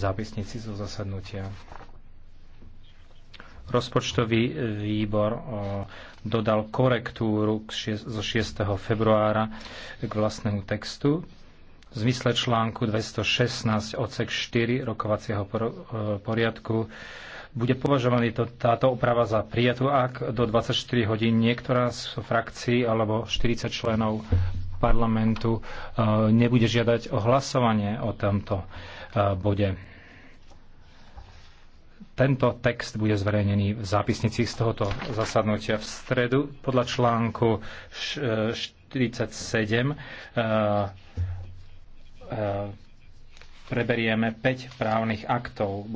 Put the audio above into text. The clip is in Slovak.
zápisníci zo zasadnutia. Rozpočtový výbor eh, dodal korektúru zo 6. februára k vlastnému textu. V zmysle článku 216 odsek 4 rokovacieho eh, poriadku bude považovaný to, táto oprava za prijatú, ak do 24 hodín niektorá z frakcií alebo 40 členov parlamentu eh, nebude žiadať o hlasovanie o tomto E, bode. Tento text bude zverejnený v zápisnici z tohoto zasadnutia v stredu podľa článku 47 e, e, preberieme 5 právnych aktov.